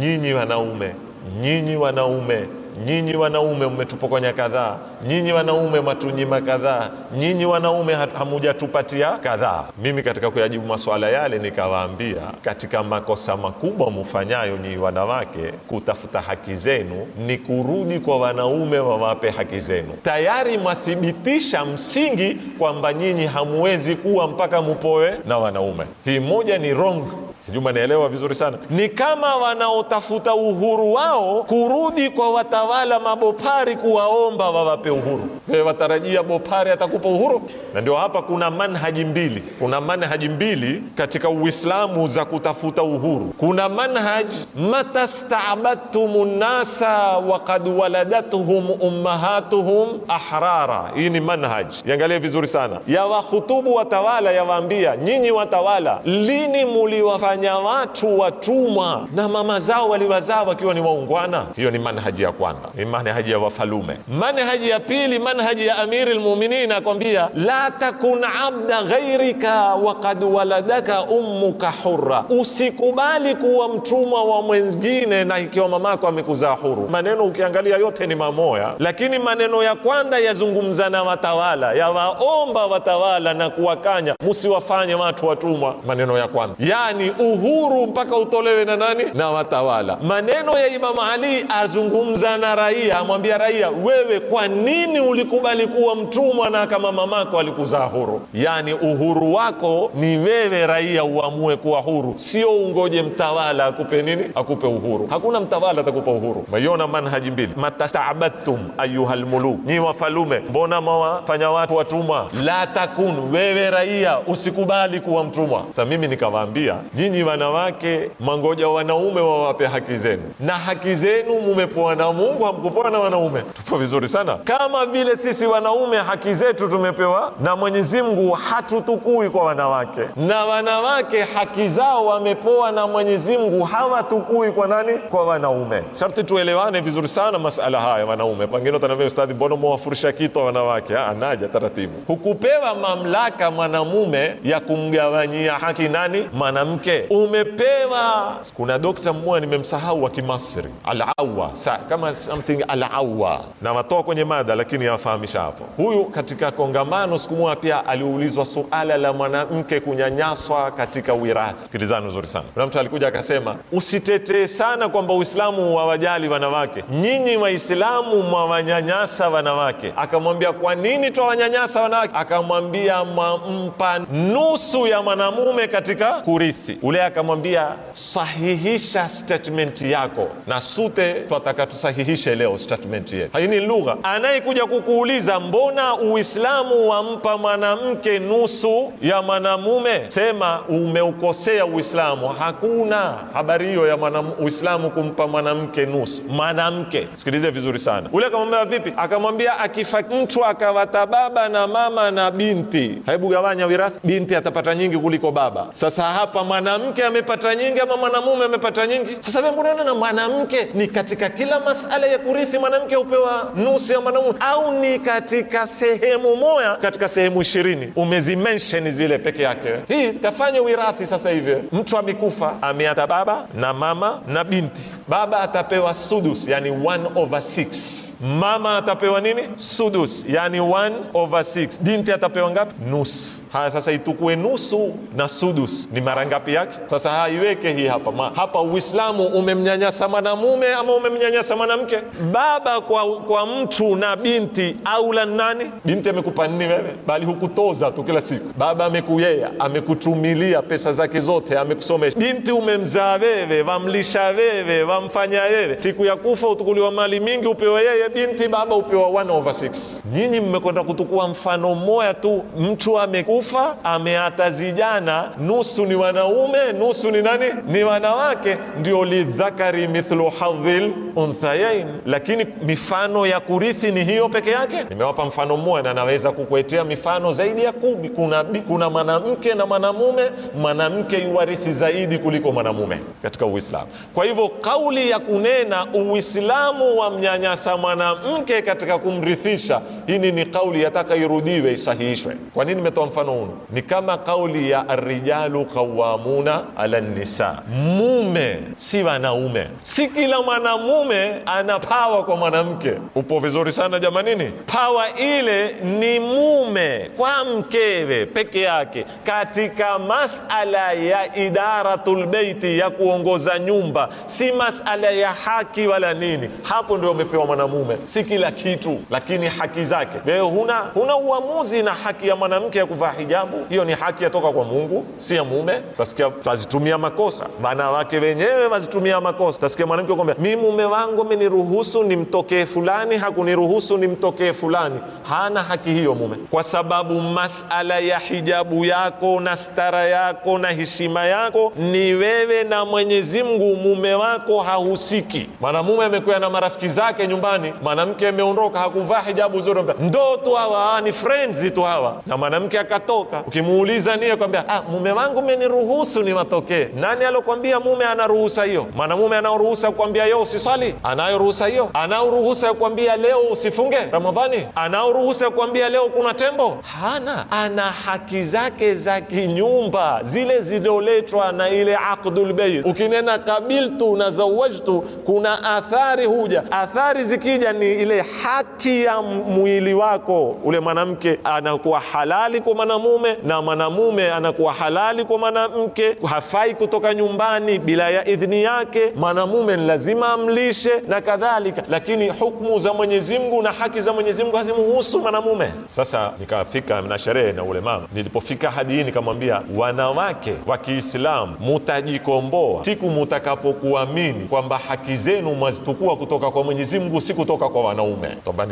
nyinyi wanaume, nyinyi wanaume nyinyi wanaume mmetupokonya kadhaa, nyinyi wanaume matunyima kadhaa, nyinyi wanaume hamujatupatia kadhaa. Mimi katika kuyajibu masuala yale nikawaambia, katika makosa makubwa mufanyayo nyinyi wanawake kutafuta haki zenu ni kurudi kwa wanaume wawape haki zenu. Tayari mwathibitisha msingi kwamba nyinyi hamuwezi kuwa mpaka mupoe na wanaume. Hii moja ni wrong sijui manielewa vizuri sana ni kama wanaotafuta uhuru wao kurudi kwa watawala mabopari kuwaomba wawape uhuru Wewe watarajia bopari atakupa uhuru na ndio hapa kuna manhaji mbili kuna manhaji mbili katika uislamu za kutafuta uhuru kuna manhaj mata staabadtum nnasa wakad waladathum ummahatuhum ahrara hii ni manhaj iangalie vizuri sana yawahutubu watawala yawaambia nyinyi watawala lini muliwafa kuwafanya watu watumwa na mama zao waliwazaa wakiwa ni waungwana. Hiyo ni manhaji ya kwanza, ni manhaji ya wafalume. Manhaji ya pili, manhaji ya Amiri lmuminin akwambia, la takun abda ghairika wakad waladaka ummuka hurra, usikubali kuwa mtumwa wa mwengine na ikiwa mamako amekuzaa huru. Maneno ukiangalia yote ni mamoya, lakini maneno ya kwanza yazungumza na watawala, yawaomba watawala na kuwakanya, musiwafanye watu watumwa. Maneno ya kwanza yani uhuru mpaka utolewe na nani na watawala. Maneno ya imamu Ali azungumza na raia, amwambia raia, wewe kwa nini ulikubali kuwa mtumwa na kama mamako alikuzaa huru? Yani uhuru wako ni wewe raia uamue kuwa huru, sio ungoje mtawala akupe nini, akupe uhuru. Hakuna mtawala atakupa uhuru. Maiona manhaji mbili, matastabatum ayuhal muluk, nyi wafalume, mbona mawafanya watu watumwa? La takun, wewe raia usikubali kuwa mtumwa. Sasa mimi nikawaambia nyinyi wanawake mwangoja wanaume wawape haki zenu, na haki zenu mumepewa na Mungu, hamkupewa na wanaume. Tupo vizuri sana, kama vile sisi wanaume haki zetu tumepewa na Mwenyezi Mungu, hatutukui kwa wanawake, na wanawake haki zao wamepewa na Mwenyezi Mungu, hawatukui kwa nani? Kwa wanaume. Sharti tuelewane vizuri sana masala haya wanaume. Pengine utaniambia ustadhi, mbona mwafurisha kito wanawake? Ah, Anaja taratibu, hukupewa mamlaka mwanamume ya kumgawanyia haki nani? Mwanamke umepewa? Kuna dokta mmoja nimemsahau wa Kimasri, Alawa sa kama something Alawa, na watoa kwenye mada, lakini yawafahamisha hapo. Huyu katika kongamano siku moja pia aliulizwa suala la mwanamke kunyanyaswa katika wirathi. Sikilizana nzuri sana. Kuna mtu alikuja akasema, usitetee sana kwamba Uislamu wawajali wanawake, nyinyi Waislamu mwawanyanyasa wanawake. Akamwambia, kwa nini twawanyanyasa wanawake? Akamwambia, mwampa nusu ya mwanamume katika kurithi ule akamwambia, sahihisha statement yako na sute twataka tusahihishe leo statement yetu. ni lugha, anayekuja kukuuliza mbona Uislamu wampa mwanamke nusu ya mwanamume, sema umeukosea Uislamu. Hakuna habari hiyo ya Uislamu kumpa mwanamke nusu. Mwanamke, sikilize vizuri sana. Ule akamwambia vipi? Akamwambia akifa mtu akawata baba na mama na binti, hebu gawanya wirathi, binti atapata nyingi kuliko baba. Sasa hapa mwana mwanamke amepata nyingi ama mwanamume amepata nyingi. Sasa vile mbona na mwanamke ni katika kila masala ya kurithi, mwanamke upewa nusu ya mwanamume, au ni katika sehemu moja katika sehemu ishirini umezimensheni zile peke yake? Hii kafanye wirathi. Sasa hivi mtu amekufa, ameata baba na mama na binti, baba atapewa sudus, yani one over mama atapewa nini? Sudus, yani 1 over 6 binti atapewa ngapi? Nusu. Haya, sasa itukue nusu na sudus ni mara ngapi yake? Sasa haiweke hii hapa ma, hapa Uislamu umemnyanyasa mwanamume ama umemnyanyasa mwanamke? Baba kwa, kwa mtu na binti aula nani? Binti amekupa nini wewe? Bali hukutoza tu kila siku, baba amekuyeya amekutumilia pesa zake zote, amekusomesha. Binti umemzaa wewe, wamlisha wewe, wamfanya wewe, siku ya kufa utukuliwa mali mingi, upewa yeye binti, baba upewa 1 over 6. Nyinyi mmekwenda kutukua mfano mmoja tu, mtu ameku kufa ameatazijana, nusu ni wanaume nusu ni nani, ni wanawake, ndio lidhakari mithlu hadhil unthayain. Lakini mifano ya kurithi ni hiyo peke yake. Nimewapa mfano mmoja, na naweza kukuetea mifano zaidi ya kumi. Kuna, kuna mwanamke na mwanamume, mwanamke yuwarithi zaidi kuliko mwanamume katika Uislamu. Kwa hivyo kauli ya kunena Uislamu wamnyanyasa mwanamke katika kumrithisha, hini ni kauli yataka irudiwe, isahihishwe. Kwa nini nimetoa mfano qanun ni kama kauli ya arrijalu qawamuna ala nisa, mume si wanaume. Si kila mwanamume ana pawa kwa mwanamke. Upo vizuri sana jamanini, pawa ile ni mume kwa mkewe peke yake, katika masala ya idaratul beiti, ya kuongoza nyumba, si masala ya haki wala nini. Hapo ndio umepewa mwanamume, si kila kitu, lakini haki zake. Wewe huna huna uamuzi na haki ya mwanamke ya kuvaa hijabu hiyo ni haki yatoka kwa mungu si ya mume tasikia tazitumia makosa wanawake wenyewe wazitumia makosa tasikia mwanamke kwambia mi mume wangu ameniruhusu nimtokee fulani hakuniruhusu nimtokee fulani hana haki hiyo mume kwa sababu masala ya hijabu yako na stara yako na heshima yako ni wewe na mwenyezi mungu mume wako hahusiki mwanamume amekuya na marafiki zake nyumbani mwanamke ameondoka hakuvaa hijabu zote ndo tu hawa ni friends tu hawa na mwanamke akat ametoka. Ukimuuliza niye kwambia, ah, mume wangu ni matokee. Nani alokwambia mume ana ruhusa hiyo? Maana mume anao ruhusa kukwambia yo usiswali, anayo ruhusa hiyo. anaoruhusa ruhusa ya kukwambia leo usifunge Ramadhani, anaoruhusa ruhusa ya kukwambia leo kuna tembo? Hana. Ana haki zake za kinyumba zile zilizoletwa na ile aqdul bayt. Ukinena kabiltu na zawajtu, kuna athari huja. Athari zikija ni ile haki ya mwili wako, ule mwanamke anakuwa halali kwa maana mwanamume na mwanamume anakuwa halali kwa mwanamke, hafai kutoka nyumbani bila ya idhini yake. Mwanamume ni lazima amlishe na kadhalika, lakini hukumu za Mwenyezi Mungu na haki za Mwenyezi Mungu hazimuhusu mwanamume. Sasa nikafika na sherehe na ule mama, nilipofika hadi hii nikamwambia, wanawake wa Kiislamu mutajikomboa siku mutakapokuamini kwamba haki zenu mwazitukua kutoka kwa Mwenyezi Mungu, si kutoka kwa wanaume.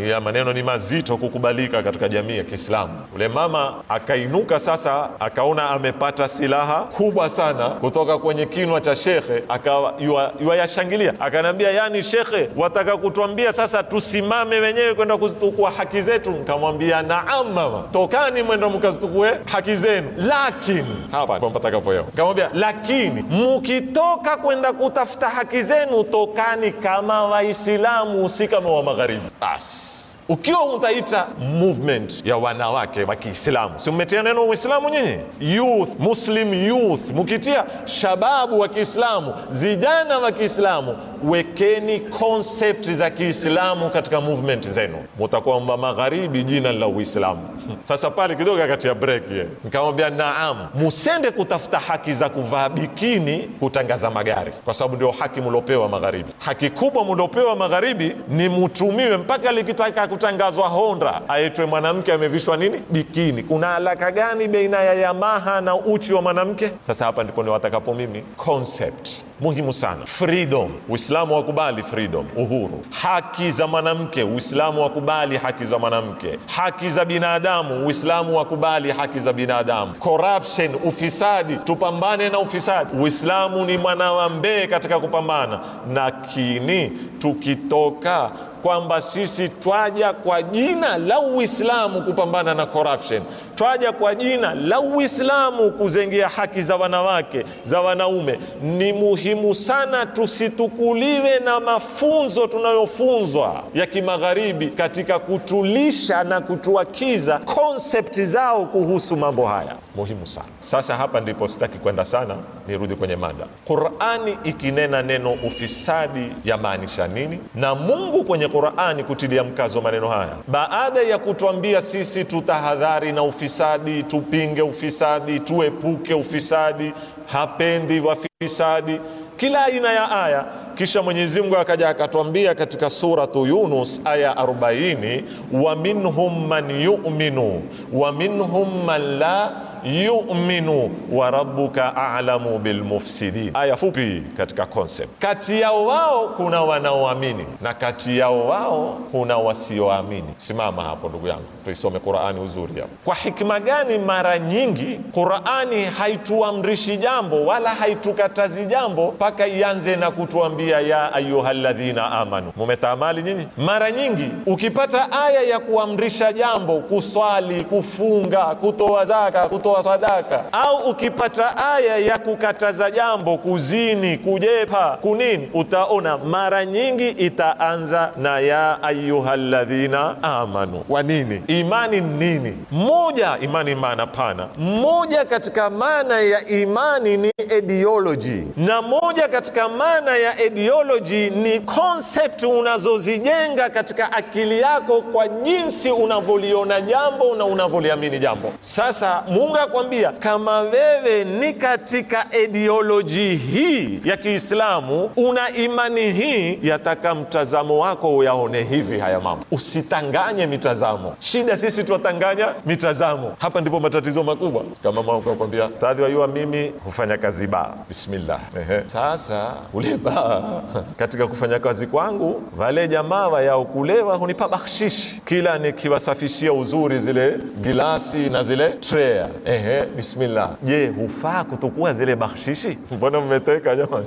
ya maneno ni mazito kukubalika katika jamii ya Kiislamu. Ule mama aka akainuka sasa, akaona amepata silaha kubwa sana kutoka kwenye kinwa cha shekhe, akawa yuwayashangilia yua, akaniambia, yani shekhe, wataka kutwambia sasa tusimame wenyewe kwenda kuzitukua haki zetu? nkamwambia naam mama, tokani mwendo mkazitukue haki zenu, lakini hapa mpatakapoea. Nkamwambia lakini mukitoka kwenda kutafuta haki zenu, tokani kama Waislamu, si kama wa Magharibi. Basi ukiwa utaita movement ya wanawake wa Kiislamu, si mmetia neno Uislamu nyinyi, youth muslim youth, mukitia shababu wa Kiislamu, vijana wa Kiislamu, wekeni concept za Kiislamu katika movement zenu, mutakwamba magharibi jina la Uislamu. Sasa pale kidogo kati ya break ye nikamwambia, naam, musende kutafuta haki za kuvaa bikini, kutangaza magari, kwa sababu ndio haki mulopewa magharibi. Haki kubwa mulopewa magharibi ni mutumiwe mpaka likitaka kutangazwa Honda aitwe mwanamke amevishwa nini, bikini. Kuna alaka gani baina ya Yamaha na uchi wa mwanamke? Sasa hapa ndipo niwatakapo mimi concept muhimu sana. Freedom, Uislamu wakubali freedom, uhuru. Haki za mwanamke, Uislamu wakubali haki za mwanamke. Haki za binadamu, Uislamu wakubali haki za binadamu. Corruption, ufisadi, tupambane na ufisadi. Uislamu ni mwana wa mbee katika kupambana, lakini tukitoka kwamba sisi twaja kwa jina la Uislamu kupambana na corruption, twaja kwa jina la Uislamu kuzengea haki za wanawake za wanaume, ni muhimu muhimu sana tusitukuliwe na mafunzo tunayofunzwa ya kimagharibi katika kutulisha na kutuakiza konsepti zao kuhusu mambo haya muhimu sana. Sasa hapa ndipo sitaki kwenda sana, nirudi kwenye mada. Qurani ikinena neno ufisadi ya maanisha nini? Na Mungu kwenye Qurani kutilia mkazo maneno haya, baada ya kutuambia sisi tutahadhari na ufisadi, tupinge ufisadi, tuepuke ufisadi hapendi wafisadi, kila aina ya aya. Kisha Mwenyezi Mungu akaja akatwambia katika suratu Yunus aya 40, wa minhum man yu'minu wa minhum man la yuminu wa rabbuka a'lamu bilmufsidin. Aya fupi katika concept. Kati yao wao kuna wanaoamini na kati yao wao kuna wasioamini. Simama hapo ndugu yangu, tuisome Qur'ani uzuri hapo. Kwa hikma gani? Mara nyingi Qur'ani haituamrishi jambo wala haitukatazi jambo mpaka ianze na kutuambia ya ayuhaladhina amanu, mumetaamali nyinyi. Mara nyingi ukipata aya ya kuamrisha jambo, kuswali, kufunga, kutoa zaka, kutoa kutoa sadaka, au ukipata aya ya kukataza jambo, kuzini, kujepa, kunini, utaona mara nyingi itaanza na ya ayyuhalladhina amanu. Kwa nini? Imani nini? Moja, imani maana pana. Moja katika maana ya imani ni ideology, na moja katika maana ya ideology ni concept unazozijenga katika akili yako kwa jinsi unavyoliona jambo na unavyoliamini jambo. Sasa Mungu nataka akwambia kama wewe ni katika ideoloji hii ya Kiislamu, una imani hii, yataka mtazamo wako uyaone hivi haya mambo, usitanganye mitazamo. Shida sisi tuwatanganya mitazamo, hapa ndipo matatizo makubwa. Kama mama akakwambia stadhi wayua, mimi hufanya kazi baa, bismillah. Ehe, sasa ule baa katika kufanya kazi kwangu, wale jamaa wayao kulewa hunipa bakshishi kila nikiwasafishia uzuri zile gilasi na zile trea Ehe, bismillah. Je, hufaa kutukua zile bakshishi? Mbona mmeteka jamani?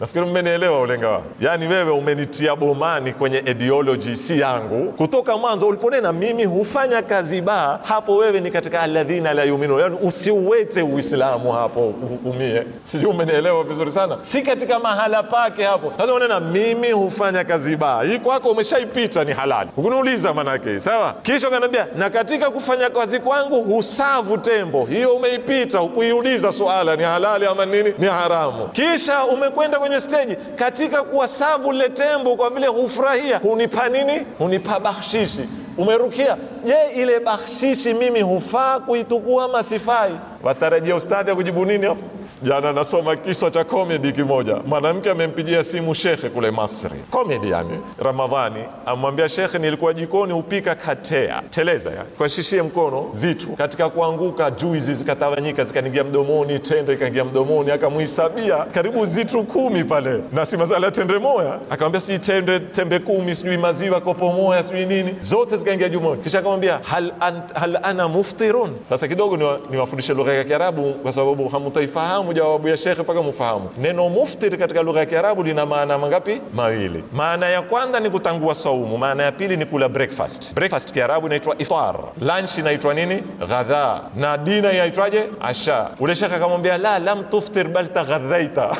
Nafikiri mmenielewa ulenga wa. Yaani wewe umenitia bomani kwenye ideology si yangu kutoka mwanzo uliponena mimi hufanya kazi baa, hapo wewe ni katika alladhina la yuminu, yaani usiuwete Uislamu hapo uhukumie. Sijui umenielewa vizuri sana, si katika mahala pake hapo. Sasa unena mimi hufanya kazi baa, hii kwako umeshaipita, ni halali. Ukuniuliza manake sawa, kisha kaniambia na katika kufanya kazi kwangu husavu tembo urembo, hiyo umeipita, hukuiuliza suala ni halali ama nini, ni haramu. Kisha umekwenda kwenye steji katika kuwasavu lile tembo, kwa vile hufurahia, hunipa nini, hunipa bakhshishi, umerukia. Je, ile bakhshishi mimi hufaa kuitukua ama sifai? watarajia ustadhi akujibu nini hapo? Jana nasoma kisa cha komedi kimoja, mwanamke amempigia simu shekhe kule Masri, komedi yani Ramadhani, amwambia shekhe, nilikuwa jikoni upika katea teleza ya kwa shishie mkono zitu, katika kuanguka juizi zikatawanyika zikaingia mdomoni, tende ikaingia mdomoni, akamhisabia karibu zitu kumi pale, na si masala tende moya, akamwambia sijui tende tembe kumi, sijui maziwa kopo moya, sijui nini, zote zikaingia jumoni, kisha akamwambia hal, an, hal ana muftirun. Sasa kidogo niwafundishe wa, lugha ya Kiarabu kwa sababu hamtaifahamu jawabu ya shekhe mpaka mufahamu neno muftir katika lugha ya Kiarabu lina maana mangapi? Mawili. Maana ya kwanza ni kutangua saumu, maana ya pili ni kula breakfast. Breakfast Kiarabu inaitwa iftar, lunch inaitwa nini? Ghadha, na dina inaitwaje? Asha. Ule shekhe akamwambia la lam tuftir bal taghadhaita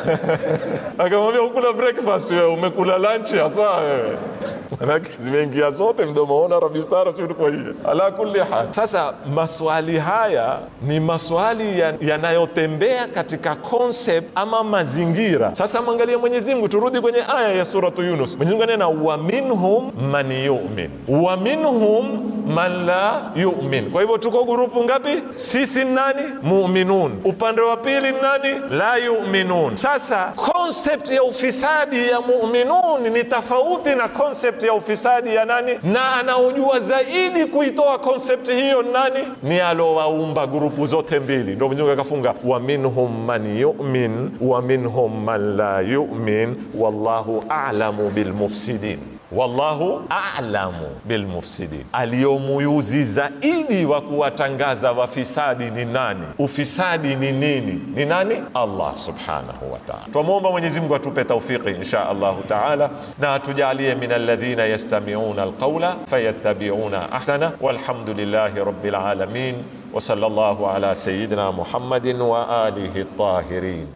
akamwambia ukula breakfast wewe, umekula lunch hasa wewe manake zimeingia zote mdomo. Ona rabistara, si kwa hiyo. Ala kulli hal, sasa maswali haya ni maswali maswali yanayotembea ya katika concept ama mazingira. Sasa mwangalie Mwenyezi Mungu, turudi kwenye aya ya suratu Yunus. Mwenyezi Mungu anena wa minhum man yu'min wa minhum man la yu'min. Kwa hivyo tuko grupu ngapi? Sisi nani? Muminun. Upande wa pili nani? La yu'minun. Sasa concept ya ufisadi ya muminun ni tofauti na concept ya ufisadi ya nani? Na anaojua zaidi kuitoa concept hiyo nani? Ni alowaumba grupu zote mbili ndo mwenyewe akafunga wa minhum man yu'min wa minhum man la yu'min wallahu a'lamu bil mufsidin wallahu a'lamu bilmufsidin, aliyomuyuzi zaidi wa kuwatangaza wafisadi ni nani? Ufisadi ni nini? Ni nani? Allah subhanahu wa ta'ala. Twamwomba Mwenyezi Mungu atupe taufiki insha Allahu taala, na atujalie min alladhina yastami'una alqawla fayattabi'una ahsana, walhamdulillahi rabbil alamin. وصلى الله على سيدنا محمد واله الطاهرين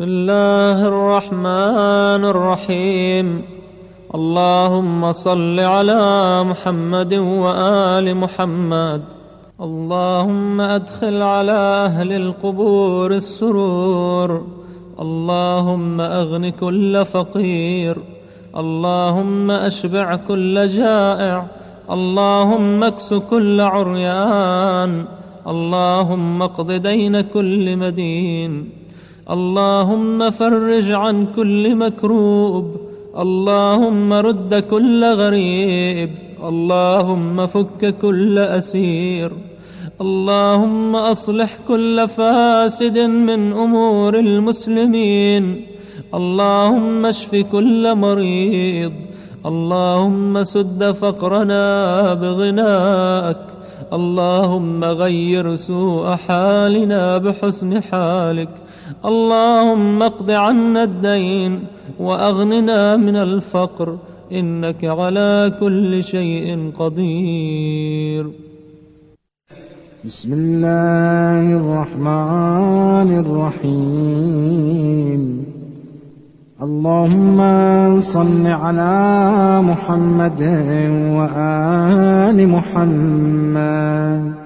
بسم الله الرحمن الرحيم اللهم صل على محمد وآل محمد اللهم أدخل على أهل القبور السرور اللهم أغن كل فقير اللهم أشبع كل جائع اللهم اكس كل عريان اللهم اقض دين كل مدين اللهم فرج عن كل مكروب اللهم رد كل غريب اللهم فك كل أسير اللهم أصلح كل فاسد من أمور المسلمين اللهم اشف كل مريض اللهم سد فقرنا بغناءك اللهم غير سوء حالنا بحسن حالك اللهم اقض عنا الدين وأغننا من الفقر إنك على كل شيء قدير بسم الله الرحمن الرحيم اللهم صل على محمد وآل محمد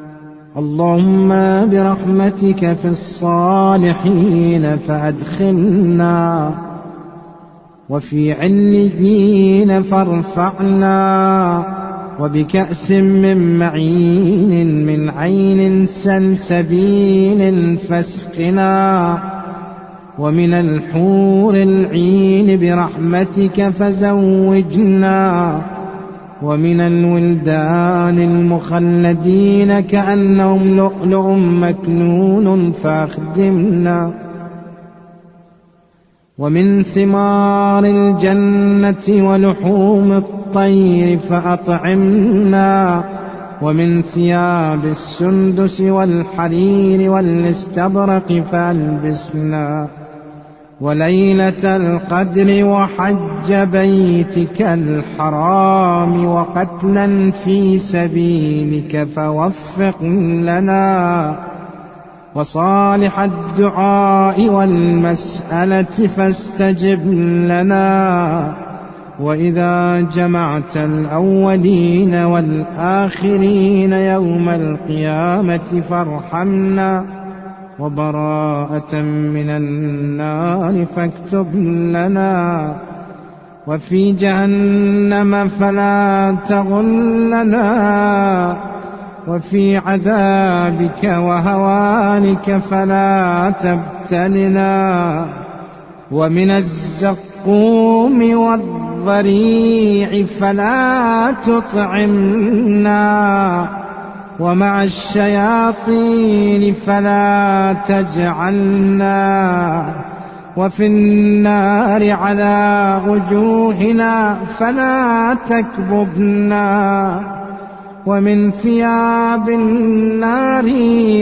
اللهم برحمتك في الصالحين فأدخلنا وفي عليين فارفعنا وبكأس من معين من عين سلسبيل فاسقنا ومن الحور العين برحمتك فزوجنا ومن الولدان المخلدين كأنهم لؤلؤ مكنون فأخدمنا ومن ثمار الجنة ولحوم الطير فأطعمنا ومن ثياب السندس والحرير والاستبرق فألبسنا وليلة القدر وحج بيتك الحرام وقتلا في سبيلك فوفق لنا وصالح الدعاء والمسألة فاستجب لنا وإذا جمعت الأولين والآخرين يوم القيامة فارحمنا وبراءة من النار فاكتب لنا وفي جهنم فلا تغلنا وفي عذابك وهوانك فلا تبتلنا ومن الزقوم والضريع فلا تطعمنا ومع الشياطين فلا تجعلنا وفي النار على وجوهنا فلا تكببنا ومن ثياب النار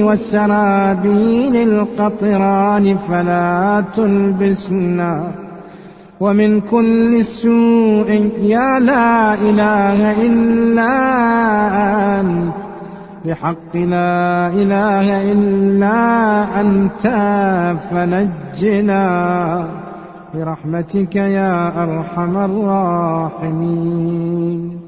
والسرابين القطران فلا تلبسنا ومن كل سوء يا لا إله إلا أنت بحق لا إله إلا أنت فنجنا برحمتك يا أرحم الراحمين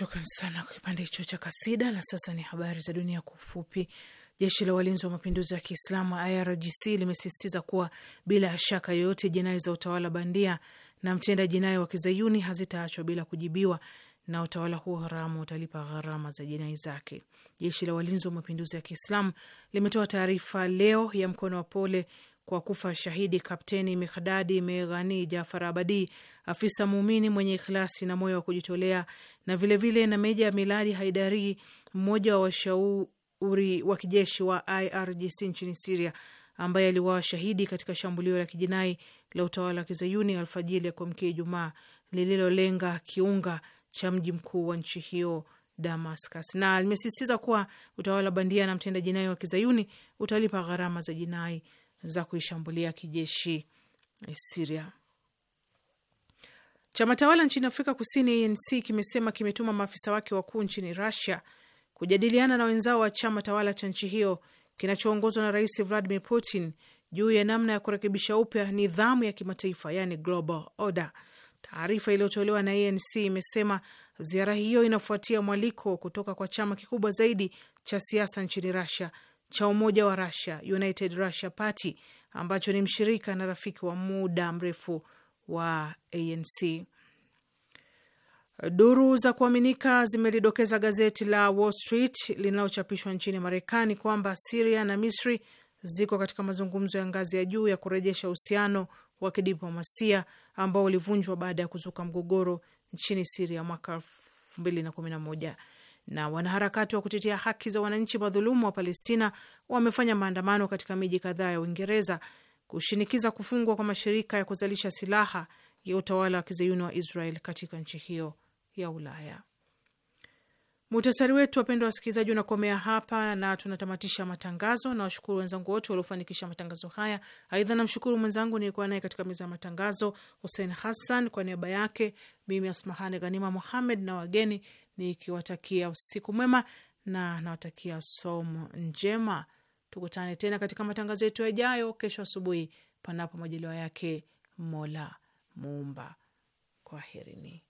Shukran sana kwa kipande hicho cha kasida. Na sasa ni habari za dunia kwa ufupi. Jeshi la walinzi wa mapinduzi ya Kiislamu IRGC limesisitiza kuwa bila shaka yoyote jinai za utawala bandia na mtenda jinai wa kizayuni hazitaachwa bila kujibiwa na utawala huo haramu utalipa gharama za jinai zake. Jeshi la walinzi wa mapinduzi ya Kiislamu limetoa taarifa leo ya mkono wa pole kwa kufa shahidi Kapteni Mikhdadi Meghani Jafar Abadi, afisa muumini mwenye ikhlasi na moyo wa kujitolea, na vilevile vile na Meja Miladi Haidari, mmoja wa washauri wa kijeshi wa IRGC nchini Siria, ambaye aliwawa shahidi katika shambulio la kijinai la utawala wa kizayuni alfajili ya kuamkia Ijumaa lililolenga kiunga cha mji mkuu wa nchi hiyo Damascus. Na limesisitiza kuwa utawala bandia na mtenda jinai wa kizayuni utalipa gharama za jinai za kuishambulia kijeshi Siria. Chama tawala nchini Afrika Kusini, ANC, kimesema kimetuma maafisa wake wakuu nchini Rusia kujadiliana na wenzao wa chama tawala cha nchi hiyo kinachoongozwa na Rais Vladimir Putin juu ya namna ya kurekebisha upya nidhamu ya kimataifa, yani global order. Taarifa iliyotolewa na ANC imesema ziara hiyo inafuatia mwaliko kutoka kwa chama kikubwa zaidi cha siasa nchini Rusia cha umoja wa Russia, United Russia Party, ambacho ni mshirika na rafiki wa muda mrefu wa ANC. Duru za kuaminika zimelidokeza gazeti la Wall Street linalochapishwa nchini Marekani kwamba Siria na Misri ziko katika mazungumzo ya ngazi ya juu ya kurejesha uhusiano wa kidiplomasia ambao ulivunjwa baada ya kuzuka mgogoro nchini Siria mwaka elfu mbili na kumi na moja na wanaharakati wa kutetea haki za wananchi madhulumu wa Palestina wamefanya maandamano katika miji kadhaa ya Uingereza kushinikiza kufungwa kwa mashirika ya kuzalisha silaha ya utawala wa kizayuni wa Israel katika nchi hiyo ya Ulaya. Muhtasari wetu, wapendwa wasikilizaji, unakomea hapa na tunatamatisha matangazo. Nawashukuru wenzangu wote waliofanikisha matangazo haya. Aidha, namshukuru mwenzangu nilikuwa naye katika meza ya matangazo, Hussein Hassan. Kwa niaba yake mimi Asmahani Ghanima Muhammed na wageni nikiwatakia usiku mwema na nawatakia somo njema. Tukutane tena katika matangazo yetu yajayo kesho asubuhi, panapo majaliwa yake Mola Muumba. Kwaherini.